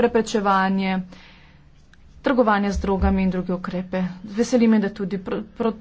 preprečevanje, trgovanje z drogami in druge ukrepe. Veseli me, da tudi pro, pro,